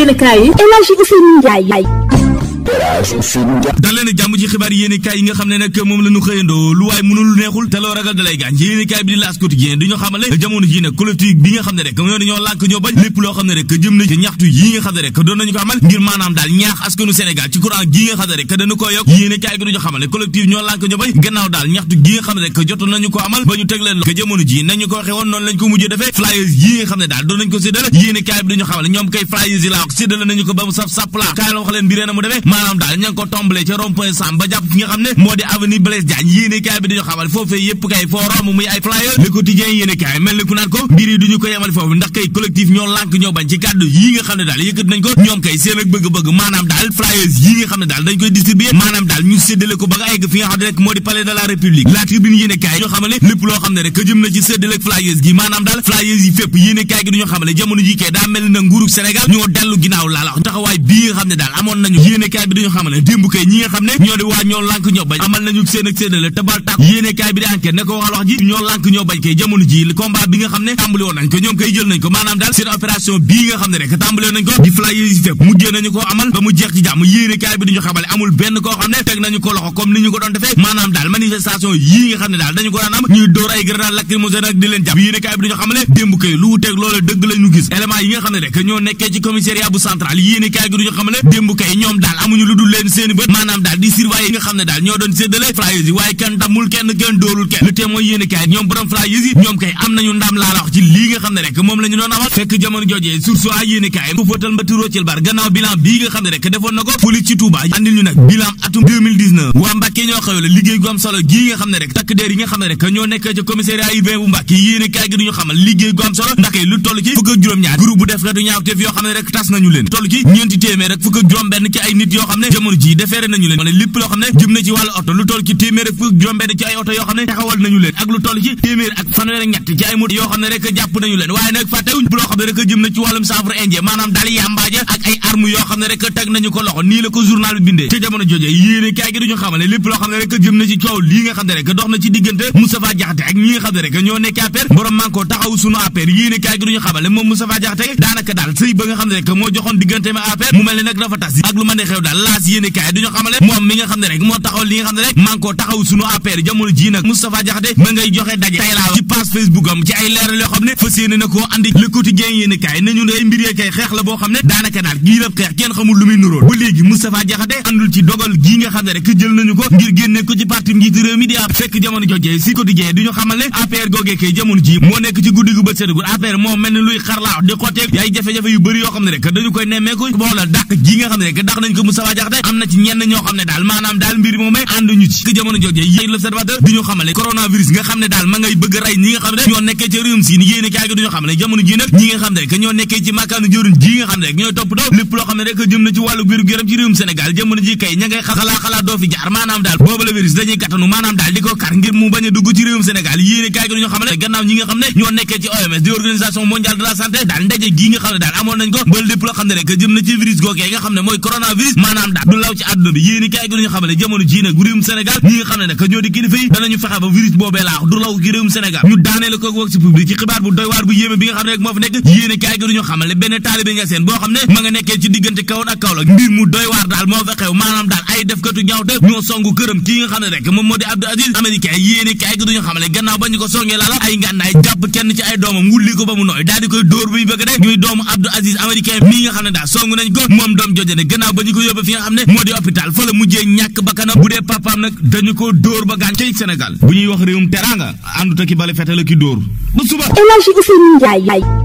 yéenekaay yi El Hadji Ousseynou Ndiaye dalee na jàmm ji xibaar yéene yi nga xam ne nag moom la xëyandoo lu waaye mënul neexul te loo ragal dalay ci ñaxtu bi duñu xamale ñoom kay flyers yi laa wax séddale nañu ko ba mu sàpp laa kaay wax leen bi mu demee maanaam daal ndax kay collectif ñoo lànk ñoo bañ ci kàddu yi nga xam ne daal dañ koy distribuer maanaam daal ñu séddale nga xam ne rek loo xam ne rek jëm na ci séddale ak gi maanaam daal flyers yi fépp yéene kaay gi duñu xamale jamono ji daa mel na nguurug Sénégal ñoo dellu ginnaaw laa taxawaay bii xam ne daal amoon nañu yéene kaay bi dañu di waa yi fépp mujjee nañu ko amal ba mu jeex ci jàmm yéene kaay bi duñu xamal amul benn koo xam ne teg nañu ko loxo comme ni ñu ko doon defee maanaam daal manifestation yii nga xam ne daal dañu ko daan am ñuy dóor ay grenade lacrymogène ak di leen jàpp yéene kaay bi duñu xamal démb kay lu teg loolu dëgg lañu gis élément yi nga xam ne rek ñoo nekkee ci commissariat bu central yéene kaay bi duñu xamal démb kay ñoom daal amuñu defuñu lu dul leen seeni bët maanaam daal di nga xam ne daal ñoo doon séddale flyers yi waaye kenn damul kenn kenn dóorul kenn lu témoin yéen i ñoom borom flyers yi ñoom kay am nañu ndam laa la wax ci bi moom la ñu amal fekk jamono joojee source a yéene kaay bu fóotal mbati Rothil Bar gannaaw bilan bii nga xam ne rek defoon na ko police ci Touba andil ñu nag bilan atum waa Mbàkke ñoo xëyola liggéey gu solo gii nga xam ne rek takk déer yi nga xam ne rek ñoo nekk ca commissariat UV bu Mbàkke yéene kaay gi duñu xamal liggéey gu solo ndax lu toll ci fukk juróom-ñaar groupe bu def ñaawteef yoo xam ne rek tas nañu leen toll ci nañu leen waaye nag fàttewuñ bu loo ne rek jëm na ci wàllum saafara indien maanaam daal yàmbaaja arme mu mel nag dafa tas ak lu ma ne xew daal laas yéene duñu xamal moom mi nga xam ne rek moo taxaw li nga xam ne rek man taxaw sunu APR jamono ji nag Moustapha ma ngay joxe daje tey ci page Facebook am ci ay leeral yoo xam ne fas yéene na koo andi le quotidien yéene kaay nañu ne mbir xeex la boo xam ne daanaka daal ab xeex kenn xamul lu muy nuróol ba léegi Moustapha Diakhaté àndul ci dogal gii nga xam ne rek jël nañu ko ngir génne ko ci parti njiitu réew mi di e ñu xamal ne e e ko ñoo nekkee ci réewum si ni nga xam ne rek ñoo nekkee ci lépp loo xam ne rek jëm na ci wàllu biiru yaram ci jamono ji kay ña xalaa xalaa doo fi jaar maanaam daal booba virus dañuy gàttanu maanaam daal di ko kar ngir mu bañ dugg ci réewum Sénégal yéene kaay gi ñu xam ne ci ne daal amoon nañ ñi nga xam ne nag ñoo di kilifa yi danañu fexe ba virus boobee laax du law ci réewum Sénégal ñu daanee ko wax ci public ci xibaar bu doy waar bu yéeme bi nga xam ne rek moo fi nekk yéene kaay gi ñu ci diggante kawoon ak Kaolack mbir mu doy waar daal moo fa xew maanaam daal ay defkatu ñaawte ñoo songu këram kii nga xam ne rek moom moo di Abdou Aziz américain yéene kaay gi duñu xamale gannaaw ba ñu ko songee lala ay ngànnaay jàpp kenn ci ay doomam wulli ko ba mu nooy daal koy dóor buy bëgg de ñuy doomu Abdou Aziz américain mi nga xam ne daal song nañ ko moom doom joje ne gannaaw ba ñu ko yóbbu fi nga xam ne moo di hôpital fa la mujjee